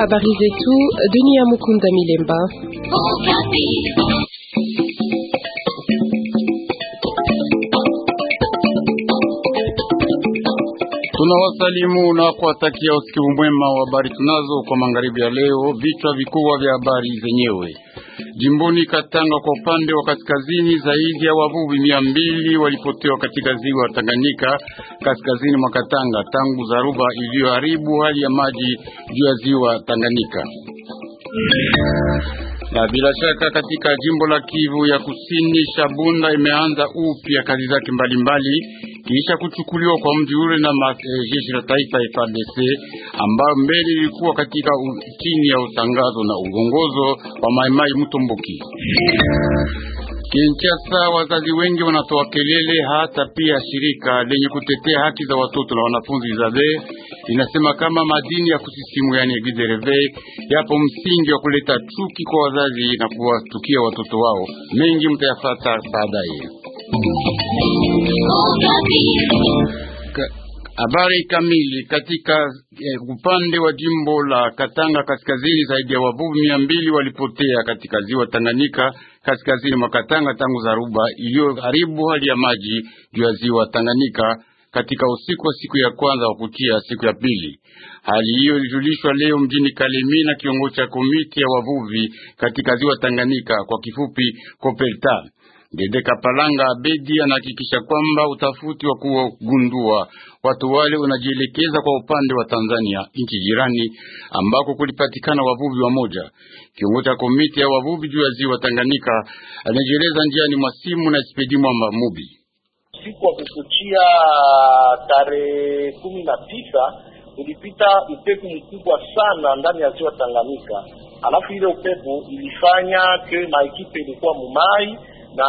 Habari zetu Denis Mukunda Milemba. wasalimu na kuwatakia usiku mwema wa habari tunazo kwa magharibi ya leo, vichwa vikubwa vya habari zenyewe. Jimboni Katanga kwa upande wa kaskazini, zaidi ya wavuvi mia mbili walipotewa katika ziwa Tanganyika kaskazini mwa Katanga tangu dharuba iliyoharibu hali ya maji juu ya ziwa Tanganyika. Na bila shaka katika jimbo la Kivu ya Kusini, Shabunda imeanza upya kazi zake mbalimbali kisha kuchukuliwa kwa mji ule na eh, jeshi la taifa FARDC ambayo mbele ilikuwa katika chini ya utangazo na uongozo wa Maimai Mutomboki. Kinshasa, wazazi wengi wanatoa kelele, hata pia shirika lenye kutetea haki za watoto na wanafunzi Izade inasema kama madini ya kusisimu, yani Eglise yapo msingi wa kuleta chuki kwa wazazi na kuwatukia watoto wao. Mengi mtayafata baadaye. Habari kamili katika eh, upande wa jimbo la Katanga kaskazini, zaidi ya wavuvi mia mbili walipotea katika ziwa Tanganyika kaskazini mwa Katanga tangu zaruba iliyoharibu hali ya maji juu ya ziwa Tanganyika katika usiku wa siku ya kwanza wa kutia siku ya pili. Hali hiyo ilijulishwa leo mjini Kalemi na kiongozi cha komiti ya wavuvi katika ziwa Tanganyika, kwa kifupi copelta Dede Kapalanga Abedi anahakikisha kwamba utafuti wa kuwagundua watu wale unajielekeza kwa upande wa Tanzania, nchi jirani ambako kulipatikana wavuvi wa moja. Kiongozi cha komiti ya wavuvi juu ya ziwa Tanganyika anajieleza njiani mwa simu na Spedi Mwamba Mubi. Siku wa kufutia tarehe kumi na tisa ulipita upepo mkubwa sana ndani ya ziwa Tanganyika, alafu ile upepo ilifanya ke maekipe ilikuwa mumai na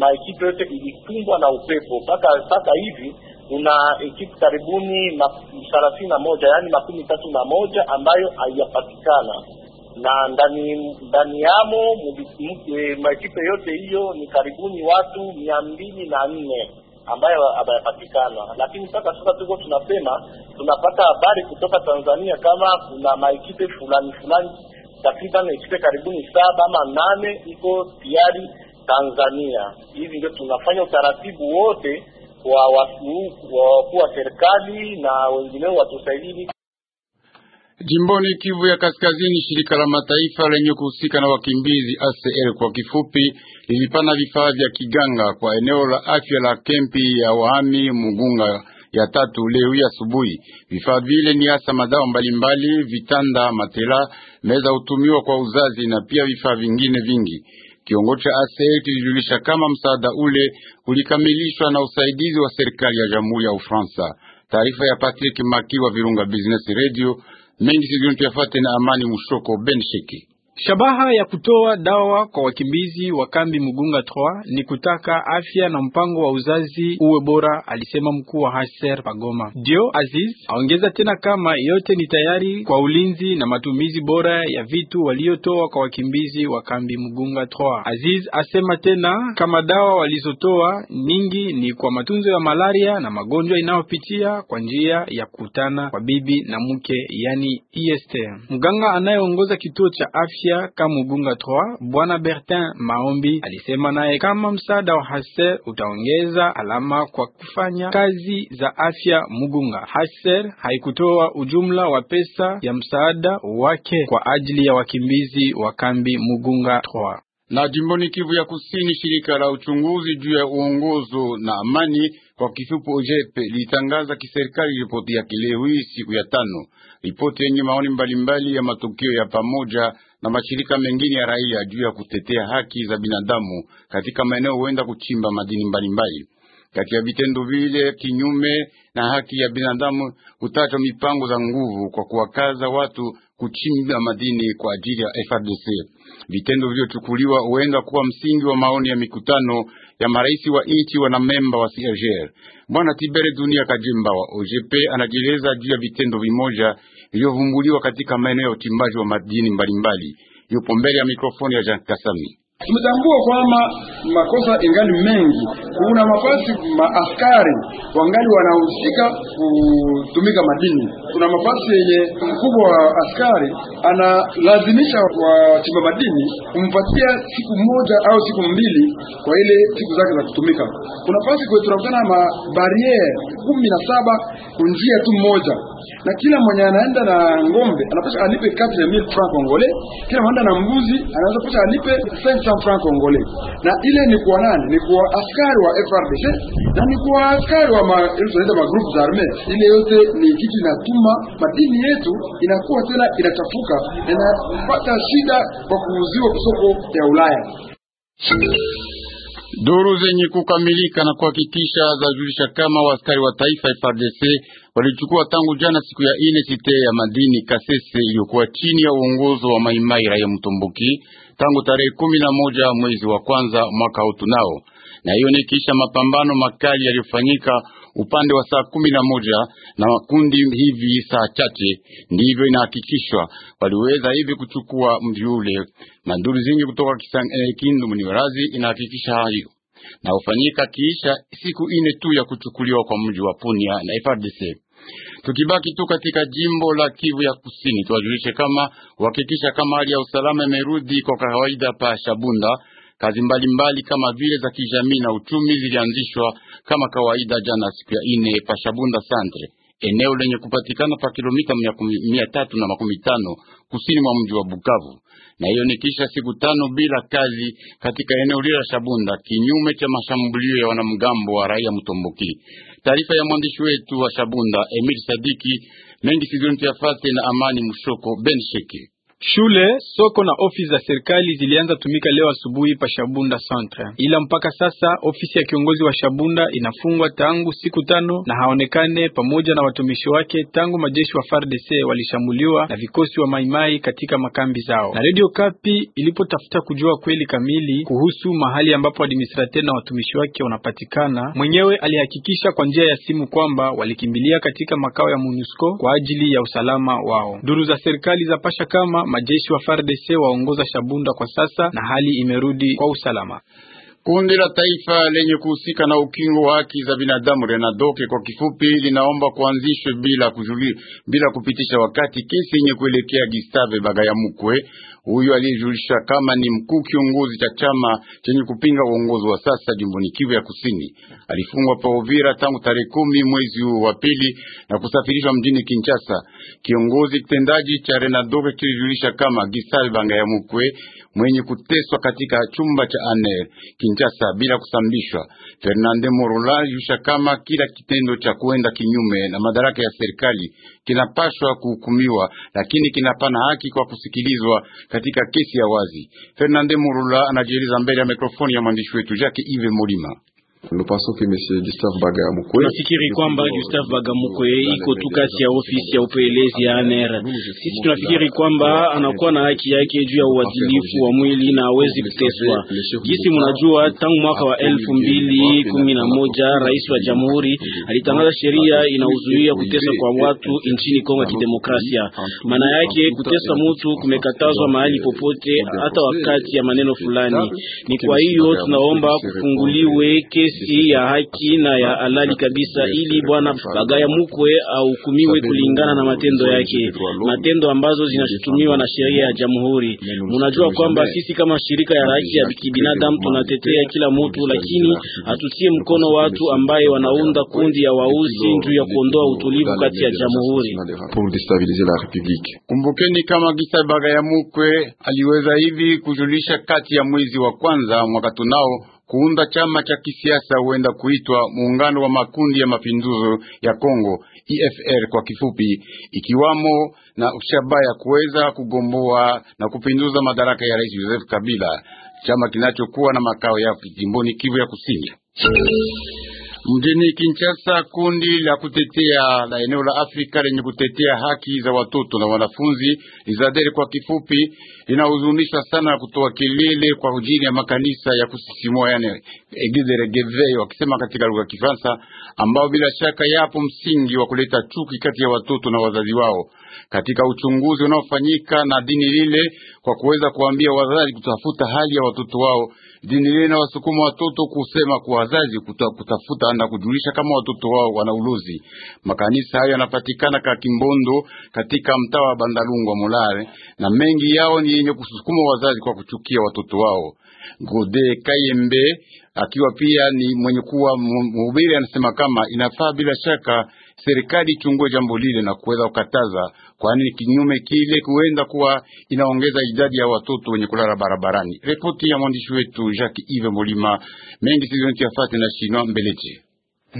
maekipe mm, yote ilikumbwa na upepo mpaka sasa hivi kuna ekipu karibuni thelathini na moja yaani makumi tatu na moja ambayo haijapatikana na ndani ndani yamo eh, maekipe yote hiyo ni karibuni watu mia mbili na nne ambayo hawajapatikana Lakini sasa sasa tuko tunasema, tunapata habari kutoka Tanzania kama kuna maekipe fulani fulani takriban ekipe karibuni saba ama nane iko tiari Tanzania hivi ndio tunafanya utaratibu wote wa wakuu wa serikali na wengineo watusaidii. Jimboni Kivu ya Kaskazini, shirika la mataifa lenye kuhusika na wakimbizi ACL kwa kifupi lilipana vifaa vya kiganga kwa eneo la afya la kempi ya wahami Mugunga ya tatu leo hii asubuhi. Vifaa vile ni hasa madawa mbalimbali, vitanda, matela, meza hutumiwa kwa uzazi na pia vifaa vingine vingi. Kiongozi cha ACL e kilijulisha kama msaada ule ulikamilishwa na usaidizi wa serikali ya Jamhuri ya Ufaransa. Taarifa ya Patrick Maki wa Virunga Business Radio mengi sizuntu tuyafate na Amani Mushoko sheki Shabaha ya kutoa dawa kwa wakimbizi wa kambi Mugunga 3 ni kutaka afya na mpango wa uzazi uwe bora, alisema mkuu wa HCR Pagoma. Dio Aziz aongeza tena kama yote ni tayari kwa ulinzi na matumizi bora ya vitu waliotoa kwa wakimbizi wa kambi Mugunga 3. Aziz asema tena kama dawa walizotoa nyingi ni kwa matunzo ya malaria na magonjwa inayopitia kwa njia ya kukutana kwa bibi na mke, yani IST. E Mganga anayeongoza kituo cha afya Patricia Kamugunga 3 Bwana Bertin Maombi alisema naye kama msaada wa Haser utaongeza alama kwa kufanya kazi za afya Mugunga. Haser haikutoa ujumla wa pesa ya msaada wake kwa ajili ya wakimbizi wa kambi Mugunga 3. Na jimboni Kivu ya Kusini, shirika la uchunguzi juu ya uongozo na amani kwa kifupi OJEP, litangaza kiserikali ripoti yake leo hii siku ya tano, ripoti yenye maoni mbalimbali ya matukio ya pamoja na mashirika mengine ya raia juu ya kutetea haki za binadamu katika maeneo huenda kuchimba madini mbalimbali mbali. Kati ya vitendo vile kinyume na haki ya binadamu hutachwa mipango za nguvu kwa kuwakaza watu kuchimba madini kwa ajili ya FRDC. Vitendo vilivyochukuliwa huenda kuwa msingi wa maoni ya mikutano ya marais wa nchi memba wa CAGR. Bwana Tibere Dunia Kajimba wa OGP anajieleza juu ya vitendo vimoja vilivyovumbuliwa katika maeneo ya uchimbaji wa madini mbalimbali. Yupo mbele ya mikrofoni ya Jean Kasami. Tumetambua kwamba makosa ingali mengi. Kuna mafasi maaskari wangali wanahusika kutumika madini. Kuna mafasi yenye mkubwa wa askari analazimisha wachimba madini kumpatia siku moja au siku mbili kwa ile siku zake za kutumika. Kuna fasi kwetu tunakutana na mabariere kumi na saba kunjia tu moja na kila mwenye anaenda na ng'ombe anapaswa alipe 4000 francs congolais, kila mwenye na mbuzi anaweza paswa alipe 500 francs congolais. Na ile ni kwa nani? Ni kwa askari wa FRDC na ni kwa askari wa ma, ma group za Ile yote ni kitu inatuma madini yetu inakuwa tena inachafuka na inapata shida kwa kuuziwa soko ya Ulaya. Duru zenye kukamilika na kuhakikisha zajulisha kama waskari wa taifa FARDC walichukua tangu jana siku ya ine site ya madini Kasese iliyokuwa chini ya uongozo wa Maimai Raia mtumbuki tangu tarehe kumi na moja mwezi wa kwanza mwaka tunao, na hiyo ni kisha mapambano makali yaliyofanyika upande wa saa kumi na moja na makundi hivi saa chache ndivyo inahakikishwa waliweza hivi kuchukua mji ule, na nduru zingi kutoka eh, Kindu Mniwarazi inahakikisha hayo na ufanyika kiisha siku ine tu ya kuchukuliwa kwa mji wa Punia na frdc Tukibaki tu katika jimbo la Kivu ya Kusini, tuwajulishe kama uhakikisha kama hali ya usalama imerudi kwa kawaida pa Shabunda Kazi mbalimbali mbali kama vile za kijamii na uchumi zilianzishwa kama kawaida jana siku ya ine pa Shabunda Santre, eneo lenye kupatikana pa kilomita mia tatu na makumi tano kusini mwa mji wa Bukavu, na hiyo ni kisha siku tano bila kazi katika eneo lile la Shabunda, kinyume cha mashambulio ya wanamgambo wa raia Mtomboki. Taarifa ya mwandishi wetu wa Shabunda Emil Sadiki mengi sizoni tuyafate na Amani Mushoko Ben Sheke Shule, soko na ofisi za serikali zilianza tumika leo asubuhi pa Shabunda Centre, ila mpaka sasa ofisi ya kiongozi wa Shabunda inafungwa tangu siku tano na haonekane pamoja na watumishi wake tangu majeshi wa FARDC walishambuliwa na vikosi wa Maimai katika makambi zao. Na Radio Kapi ilipotafuta kujua kweli kamili kuhusu mahali ambapo administrateur na watumishi wake wanapatikana, mwenyewe alihakikisha kwa njia ya simu kwamba walikimbilia katika makao ya MONUSCO kwa ajili ya usalama wao. Duru za serikali za pasha kama majeshi wa FARDC waongoza Shabunda kwa sasa na hali imerudi kwa usalama. Kundi la taifa lenye kuhusika na ukingo wa haki za binadamu Renadoke kwa kifupi, linaomba kuanzishwe bila kuzuri, bila kupitisha wakati kesi yenye kuelekea Gustave Bagayamukwe huyu aliyejulisha kama ni mkuu kiongozi cha chama chenye kupinga uongozi wa sasa jimboni Kivu ya Kusini alifungwa pa Uvira tangu tarehe kumi mwezi huu wa pili na kusafirishwa mjini Kinshasa. Kiongozi kitendaji cha Renadoke kilijulisha kama Gisal Mukwe mwenye kuteswa katika chumba cha Aner Kinshasa bila kusambishwa. Fernande Morola alijulisha kama kila kitendo cha kuenda kinyume na madaraka ya serikali kinapashwa kuhukumiwa, lakini kinapana haki kwa kusikilizwa katika kesi ya wazi. Fernande Murula anajieleza mbele ya mikrofoni ya mwandishi wetu Jacques Ive Molima. Nafikiri kwamba Gustave Bagamukwe iko tu kati ya ofisi ya upelelezi ya ANR. Sisi tunafikiri kwamba anakuwa na haki yake juu ya uadilifu wa mwili na hawezi kuteswa. Jinsi mnajua, tangu mwaka wa elfu mbili kumi na moja rais wa jamhuri alitangaza sheria inauzuia kuteswa kwa watu nchini Kongo ya Kidemokrasia. Maana yake kuteswa mtu kumekatazwa mahali popote, hata wakati ya maneno fulani. Ni kwa hiyo tunaomba kufunguliwe kesi hii ya haki na ya halali kabisa, ili bwana Bagaya Mukwe ahukumiwe kulingana na matendo yake, matendo ambazo zinashutumiwa na sheria ya jamhuri. Mnajua kwamba sisi kama shirika ya haki ya kibinadamu tunatetea kila mtu, lakini hatutie mkono watu ambaye wanaunda kundi ya wauzi juu ya kuondoa utulivu kati ya jamhuri. Kumbukeni kama Gisa Bagaya Mukwe aliweza hivi kujulisha kati ya mwezi wa kwanza mwaka tunao kuunda chama cha kisiasa huenda kuitwa muungano wa makundi ya mapinduzi ya Kongo EFR kwa kifupi, ikiwamo na ushaba ya kuweza kugomboa na kupinduza madaraka ya Rais Joseph Kabila, chama kinachokuwa na makao yake jimboni Kivu ya Kusini. Mjini Kinshasa, kundi la kutetea la eneo la Afrika lenye kutetea haki za watoto na wanafunzi Izadeli kwa kifupi, linahuzunisha sana na kutoa kelele kwa ujini ya makanisa ya kusisimua, yani eglise regeveyo wakisema katika lugha ya Kifaransa, ambao bila shaka yapo msingi wa kuleta chuki kati ya watoto na wazazi wao katika uchunguzi unaofanyika na dini lile kwa kuweza kuambia wazazi kutafuta hali ya watoto wao. Dini lile wasukuma watoto kusema kwa wazazi kuta, kutafuta na kujulisha kama watoto wao wana uluzi. Makanisa hayo yanapatikana ka Kimbondo katika mtaa wa Bandalungwa Mulale, na mengi yao ni yenye kusukuma wazazi kwa kuchukia watoto wao. Gode Kayembe akiwa pia ni mwenye kuwa mhubiri anasema kama inafaa bila shaka serikali ichungue jambo lile na kuweza kukataza, kwani kinyume kile kuenda kuwa inaongeza idadi ya watoto wenye kulala barabarani. Ripoti ya mwandishi wetu Jacques Ive Molima mengi sizonti yafate na Shinwa Mbeleche.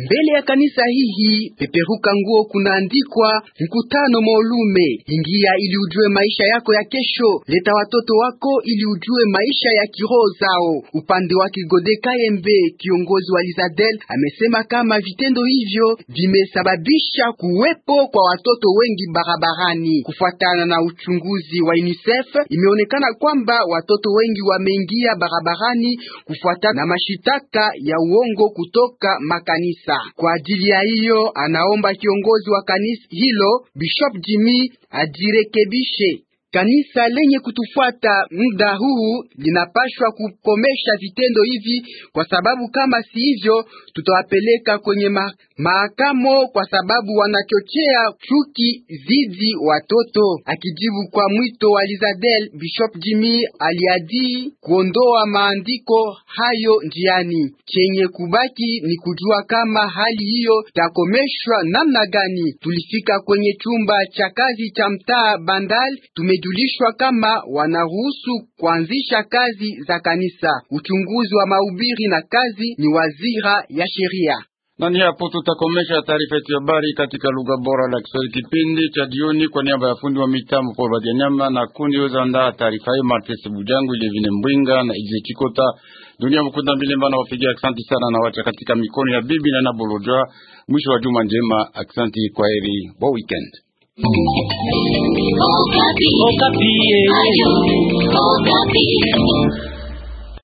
Mbele ya kanisa hihi peperuka nguo kunaandikwa mkutano maulume. Ingia ili ujue maisha yako ya kesho, leta watoto wako ili ujue maisha ya kiroho zao. Upande wa Kigode Kayembe, kiongozi wa Lizadel amesema kama vitendo hivyo vimesababisha kuwepo kwa watoto wengi barabarani. Kufuatana na uchunguzi wa UNICEF, imeonekana kwamba watoto wengi wameingia barabarani kufuatana na mashitaka ya uongo kutoka makanisa kanisa. Kwa ajili ya hiyo, anaomba kiongozi wa kanisa hilo Bishop Jimmy ajirekebishe. Kanisa lenye kutufuata muda huu linapashwa kukomesha vitendo hivi, kwa sababu kama si hivyo tutawapeleka kwenye ma mahakamo kwa sababu wanachochea chuki zidi watoto. Akijibu kwa mwito wa Lizadel, Bishop Jimmy aliadi kuondoa maandiko hayo njiani. Chenye kubaki ni kujua kama hali hiyo takomeshwa namna gani. Tulifika kwenye chumba cha kazi cha mtaa Bandal, tumejulishwa kama wanaruhusu kuanzisha kazi za kanisa. Uchunguzi wa mahubiri na kazi ni wazira ya sheria. Na ni hapo tutakomesha taarifa yetu ya habari katika lugha bora la Kiswahili, kipindi cha jioni. Kwa niaba ya fundi wa mitambo kwa baadhi ya nyama na kundi weza andaa taarifa hiyo, Martes Bujangu ile vile Mbwinga na Ije Chikota, dunia mkunda mbili mbana wafikia. aksanti sana na wacha katika mikono ya bibi na Nabolojwa. Mwisho wa juma njema, aksanti, kwa heri, bo weekend. Okapi. Okapi. Okapi.